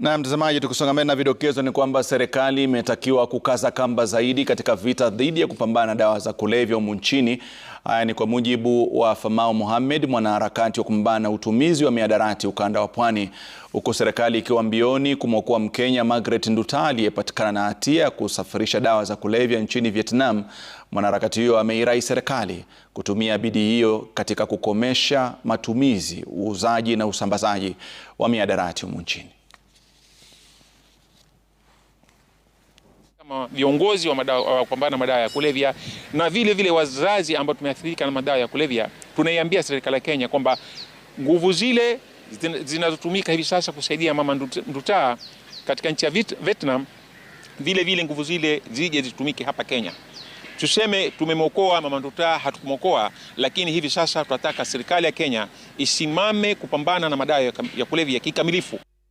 Na mtazamaji, tukisongamana na vidokezo ni kwamba serikali imetakiwa kukaza kamba zaidi katika vita dhidi ya kupambana na dawa za kulevya humu nchini. Haya ni kwa mujibu wa Famau Mohamed, mwanaharakati wa kupambana na utumizi wa miadarati ukanda wa Pwani, huku serikali ikiwa mbioni kumwokoa Mkenya Margaret Nduta aliyepatikana na hatia ya kusafirisha dawa za kulevya nchini Vietnam. Mwanaharakati huyo ameirai serikali kutumia bidii hiyo katika kukomesha matumizi, uuzaji na usambazaji wa miadarati humu nchini. viongozi wa kupambana na madawa ya kulevya na vile vile wazazi ambao tumeathirika na madawa ya kulevya, tunaiambia serikali ya Kenya kwamba nguvu zile zinazotumika hivi sasa kusaidia mama Nduta katika nchi ya Vietnam, vile vile nguvu zile zije zitumike hapa Kenya. Tuseme tumemwokoa mama Nduta, hatukumwokoa, lakini hivi sasa tunataka serikali ya Kenya isimame kupambana na madawa ya kulevya kikamilifu.